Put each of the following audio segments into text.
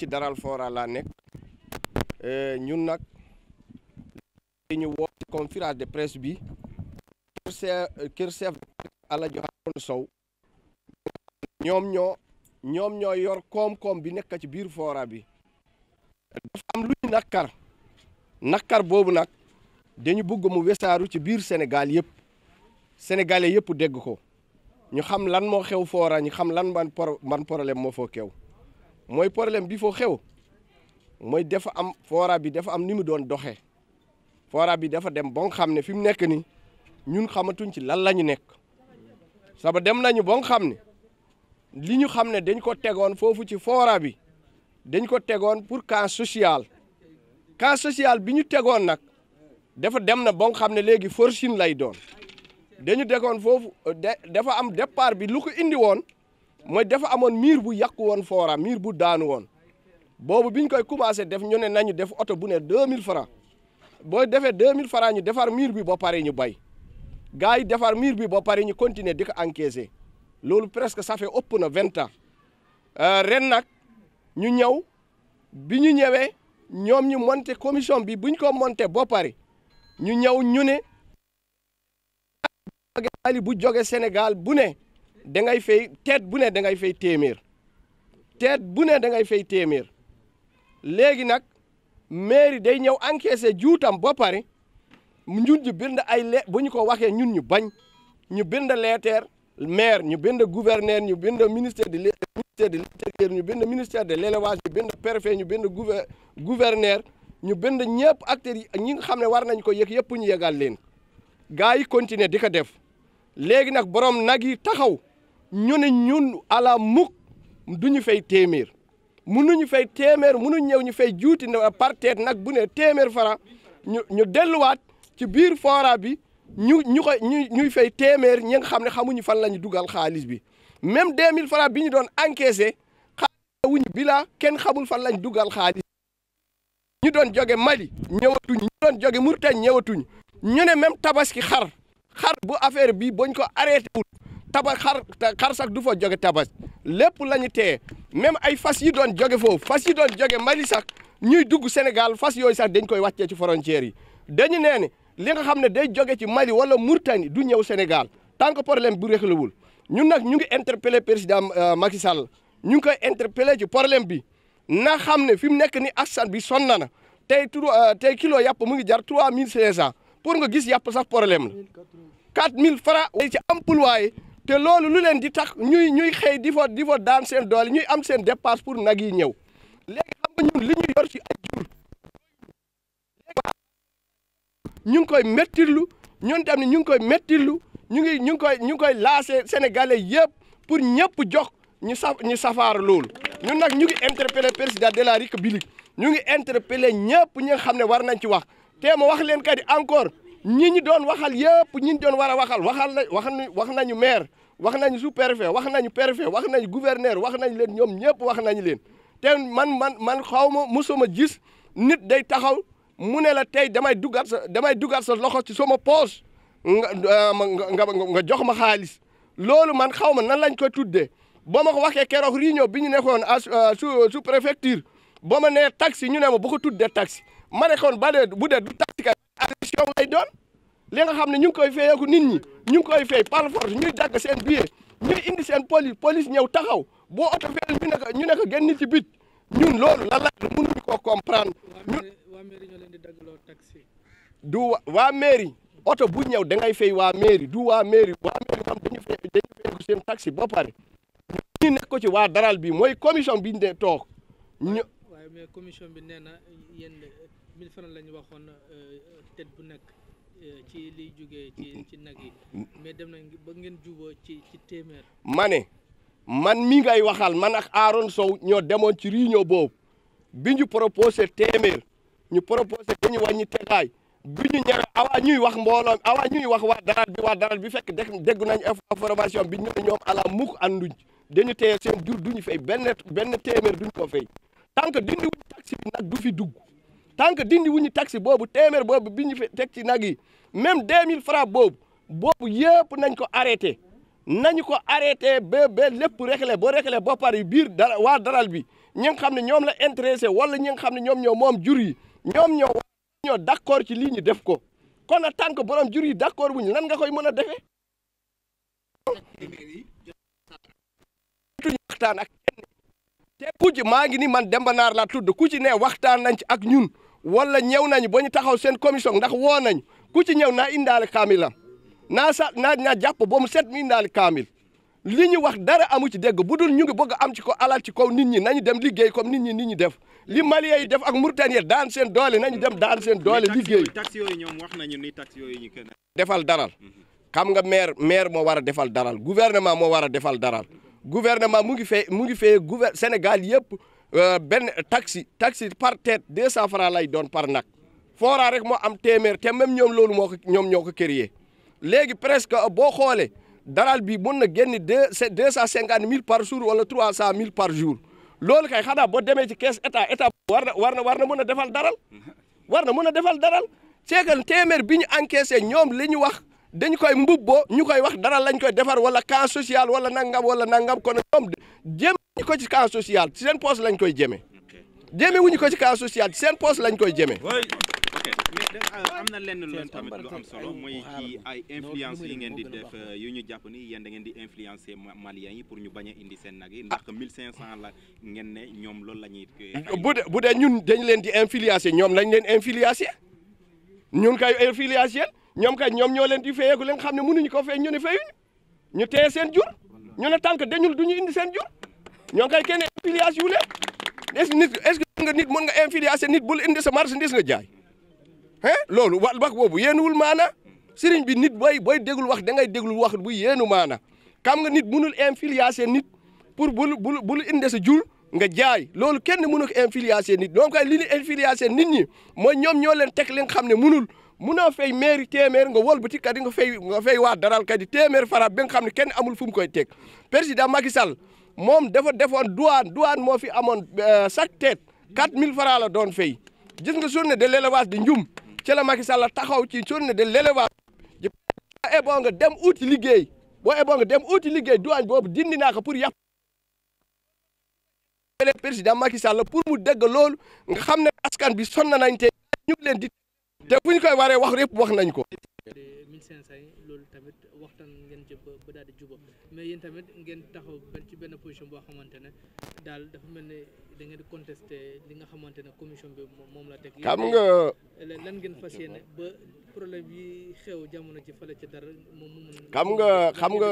ci daral fora laa nekk euh, ñun nag li ñu woo ci conférence de presse bi kër chef Alaaji Harouna Sow ñoom ñoo ñoom ñoo yor koom-koom bi nekk ci biir fooraa bi dafa am lu ñu nakkar nakkar boobu nag dañu bugg mu wesaaru ci biir senegal yëpp sénégalais yëpp dégg ko ñu xam lan moo xew foora ñu xam lan man man problème moo foo kew mooy problème bi foo xew mooy dafa am fora bi dafa am ni mu doon doxe fora bi dafa dem ba xam ne fi mu nekk ni ñun xamatuñ ci lan la ñu nekk saba dem nañu ba xam ne li ñu xam ne dañ ko tegoon foofu ci fora bi dañ ko tegoon pour cas social cas sociale bi ñu tegoon nag dafa dem na ba xam ne léegi forcing lay doon dañu degoon foofu dafa am départ bi lu ko indi woon mooy dafa amoon miir bu yàqu woon foora miir bu daanu woon boobu biñ koy commencé def ñu ne nañu def oto bu ne 2000 francs boo defee 2000 francs ñu defar miir bi ba pare ñu bay gars yi defar miir bi ba pare ñu continuer di ko encaisser loolu presque ça fait ëpp na vingt euh, ren nag ñu ñëw bi ñu ñëwee ñoom ñu monter commission bi buñ ko monter ba pare ñu ñëw ñu ne bu joge Sénégal bu ne da ngay fay teet bu ne da ngay fay téeméer teet bu ne da ngay fay téeméer léegi nag mairie day ñëw encaissé juutam ba pare ñun ñu bind ay le bu ñu ko waxee ñun ñu bañ ñu bind leeteer maire ñu bind gouverneur ñu bind ministère de ministère de ñu bind ministère de l'élevage ñu bind préfet ñu bind gouverneur ñu bind ñëpp acteurs yi ñi nga xam ne war nañ ko yëg yëpp ñu yëgal leen gars yi continuer di ko def léegi nag borom nag yi taxaw ñu ne ñun ala mukk duñu fay téeméer mënuñu fay téeméer mënuñ ñëw ñu fay juuti na par tête nag bu ne téeméer fara ñu ñu delluwaat ci biir fora bi ñu ñu ko ñu ñuy fay téeméer ñi nga xam ne xamuñu fan la ñu dugal xaalis bi même 2000 francs bi ñu doon encaissé xawuñu bila kenn xamul fan lañ dugal xaalis ñu doon joge Mali ñëwatuñ ñu doon joge Mauritanie ñëwatuñ ñu ne même tabaski xar xar bu affaire bi bañ ko arrêté wul tabar xar xar sax du fa joge tabas lepp lañu té même ay fas yi doon joge fo fas yi doon joge Mali sax ñuy dugg Sénégal fas yoy sax dañ koy wacce ci frontière yi dañu néne li nga xamné day joge ci Mali wala Mauritanie du ñew Sénégal tant que problème bu réglewul ñun nak ñu ngi interpeller président euh, Macky Sall ñu ngi koy interpeller ci problème bi na xamné fim nek ni assan bi sonna na tey trois euh, tay kilo yap mu ngi jar 3500 pour nga gis yap sax problème 4000 francs ci employé te loolu lu leen di tax ñuy ñuy xey di fa di fa daan seen dool ñuy am seen dépense pour nag yi ñëw léegi xam nga ñun li ñu yor ci ay jur ñu ngi koy méttirlu ñun tamit ñu ngi koy méttirlu ñu ngi ñu ngi koy ñu ngi koy laasé sénégalais yépp pour ñëpp jox ñu saf ñu safaar loolu ñun nag ñu ngi interpeller président de la république ñu ngi interpeller ñëpp ñi nga xam ne war nañ ci wax te ma wax leen kat encore ñi ñi doon waxal yépp ñi ñi doon war a waxal waxal na wax nañu maire wax nañ sous-préfet wax nañu préfet wax nañ gouverneur wax nañ leen ñoom ñëpp wax nañu leen te man man man xaw ma mosuma gis nit day taxaw mu ne la tey damay dugaat sa damay dugaat sa loxo ci sama poche nga euh, nga nga jox ma xaalis loolu man xaw ma nan lañ ko tuddee boo ma ko waxee keroog réunion bi ñu nekkoon à euh, sous euh, sous préfecture boo ma nee taxi ñu ne ma bu ko tuddee taxi ma ne kon ba dee bu dee du taxi ka agression lay doon. li nga xam ne ñu ngi koy fayeeku nit ñi ñu ngi koy fay par force ñuy dagg seen billet ñuy indi seen police police ñëw taxaw boo oto fayal ñu ne ko ñu ne ko génn ci bit ñun loolu la la mënuñu ko comprendre. ñun leen di daggloo taxi. du waa mairie oto bu ñëw da ngay fay waa mairie du waa mairie waa mairie moom dañuy fay dañuy fayeeku seen taxi ba pare. ñu nekk ko ci waa daral bi mooy commission bi ñu dee toog ñu. mais commission bi nee na yéen 1000 francs la ñu waxoon euh, tête bu nekk. Euh, ci liy jógee ci ci nag yi mais dem nañ ba ngeen juboo ci téeméer. ma ne man mi ngay waxal man ak Aaron Sow ñoo demoon ci réunion boobu bi ñu proposé téeméer ñu proposé dañu ñu tegaay bi ñu ñëwee awaa ñuy wax mbooloo awaa ñuy wax waa daral bi waa daral bi fekk dégg nañ information bi ñoom ñoom ala mukk ànduñ dañu téye seen jur duñu fay benn benn téeméer duñ ko fay tant que dindi wuñ taxi bi nag du fi dugg. tant que dindi wuñu taxe boobu téeméer boobu bi ñu fi teg ci nag yi même 2000 francs boobu boobu yëpp nañ ko arrêté nañ ko arrêté ba ba lépp réglé ba réglé bo pare biir dara waa daral bi ñi nga xam ne ñoom la intéressé wala ñi nga xam ne ñoom ñoo moom jur yi ñoom ñoo ñoo accord ci lii ñu def ko kon nag tant que borom jur yi d' accord wuñu nan nga koy mën a defee. waxtaan ak kenn maa ngi ni man Demba Naar laa tudd ku ci ne waxtaan nañ ci ak ñun. wala ñëw nañu boo ñu taxaw seen commission ndax woo nañu ku ci ñëw naa indaale kaamilam naa sa naa naa jàpp ba mu set mu indaale kaamil li ñu wax dara amu ci dégg bu dul ñu ngi bëgg am ci ko alal ci kaw nit ñi nañu dem liggéey comme nit ñi nit ñi def li Maliens def ak Mauritaniens daan seen doole nañu dem daan seen doole liggéey. tax yooyu ñoom wax nañu ni tax yooyu ñu kenn defal daral xam nga maire maire moo war a defal daral gouvernement moo war a defal daral gouvernement mu ngi fee mu ngi fee Sénégal yëpp. Euh, benn taxi taxi par tête deux cent francs lay doon par nag fora rek mo am téeméer teme même ñoom loolu moo ko ñoom ñoo ko créé léegi presque boo xoolee daral bi mun na génn deux deux cent cinquante mille par jour wala trois cent mille par jour loolu kay xanaa boo demee ci caisse état état war na war na war na mën a defal daral war na mën a defal daral c'est téeméer bi ñu encaissé ñoom li ñu wax dañ koy mbubbo ñukoy wax dara lañ koy defar wala cas social wala nangam wala nangam kon dom jëm ñi ko ci cas social ci sen poste lañ koy jëmé jëmé wuñ ko ci cas social ci sen poste lañ koy jëmee ah, am na lenn lu tamit lu am solo mooy ci ay influence yi ngeen di def euh, yu ñu jàpp ni yéen da ngeen di influencer maliens yi pour ñu bañ a indi seen nag yi ndax 1500 la ngeen ne ñoom loolu la ñuy eh, bu de bu dee ñun dañ leen di influencer ñoom lañ leen influencer ñun kay influencer ñoom kay ñoom ñoo leen di fayeeku leen xam ne mënuñu ko fay ñu ne fayuñu ñu téye seen jur ñu ne tànk deñul du ñu indi seen jur ñoom kay kenn infiliage yu leen nit est nga nit mën nga infiliage nit bul indi sa marchandise nga jaay hein loolu wa wax boobu yéenuwul maana sëriñ bi nit booy booy déglu wax da ngay déglu wax bu yéenu maana xam nga nit mënul infiliage nit pour bul bul bul indi sa jur nga jaay loolu kenn mënu ko infiliage nit ñoom kay li ñu nit ñi mooy ñoom ñoo leen teg li nga xam ne mënul munoo fay mairie téeméer nga wëlbati kadi nga fay nga fay waa daral kadi téeméer fara ba nga xam ne kenn amul fu mu koy teg président Macky Sall moom dafa defoon douane douane moo fi amoon euh, chaque tête 4000 fara la doon fay gis nga journée de l'élevage di njum ci la Macky Sall taxaw ci journée de l'élevage boo eboo nga dem uuti liggéey boo eboo nga dem uuti liggéey douane boobu dindi naa ko pour yàq président Macky Sall pour dégg loolu xam ne askan bi sonn nañ te ñu leen di te bu ñu koy waree wax yëpp wax nañ ko. loolu tamit waxtaan ngeen jëm ba daal di jubóo mais yéen tamit ngeen taxaw ci benn position boo xamante ne daal dafa mel ne da ngeen di li nga xamante ne commission bi moom la teg. xam nga lan ngeen fas yéene ba problème yi xew jamono ci fële ca dara moom mu xam nga xam nga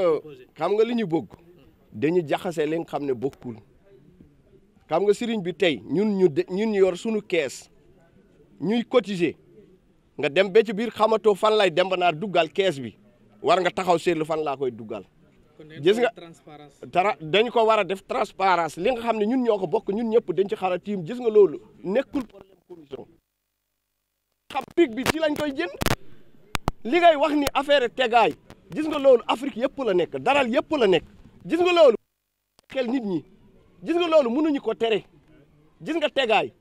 xam nga li ñu bëgg dañu jaxasee li nga xam ne bokkul xam nga sëriñ bi tey ñun ñu ñun ñu yor suñu kees ñuy cotiser. nga dem ba ci biir xamatoo fan lay dem naa duggal kees bi war nga taxaw seetlu fan laa koy duggal. gis nga dara dañ ko war a def transparence li nga xam ne ñun ñoo ko bokk ñun ñëpp dañ ci xara tiim gis nga loolu nekkul problème commission xam bi ci lañ koy jënd li ngay wax ni affaire tegaay gis nga loolu Afrique yëpp la nekk daral yëpp la nekk gis nga loolu xel nit ñi gis nga loolu mënuñu ko tere gis nga tegaay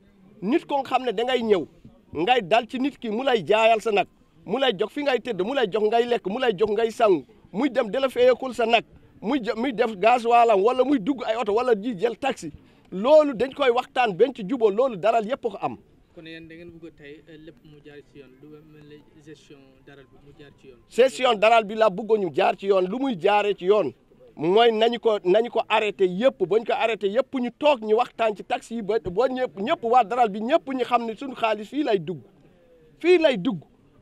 nit ko xam ne da ñëw ngay dal ci nit ki mu lay jaayal sa nag mu lay jox fi ngay tëdd mu lay jox ngay lekk mu lay jog ngay sangu muy dem dala feyekul sa nag muy muy def gaz waalam wala muy dugg ay oto wala ji jël taxi loolu dañ koy waxtaan beñ ci jubóo loolu daral yëpp ko am. kon yéen da ngeen bëgg tey lépp mu jaar ci yoon lu daral bi mu jaar ci yoon. gestion daral bi la bëggoon ñu jaar ci yoon lu muy jaaree ci yoon. mooy nañu ko nañu ko arrêté yëpp bañ ko arrêté yëpp ñu toog ñi waxtaan ci taxi yi ba ba ñëpp ñëpp waa daral bi ñëpp ñu xam ne suñu xaalis fii lay dugg fii lay dugg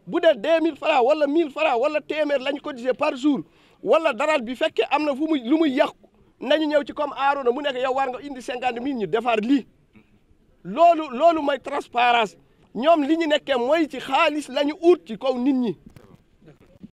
bu dee deux mille francs wala mille francs wala téeméer lañ ko cotisé par jour wala daral bi fekke am na fu muy lu muy yàqu nañu ñëw ci comme Arona mu nekk yow war nga indi cinquante mille ñu defar lii loolu loolu mooy transparence ñoom li ñu nekke mooy ci xaalis lañu ñu ut ci kaw nit ñi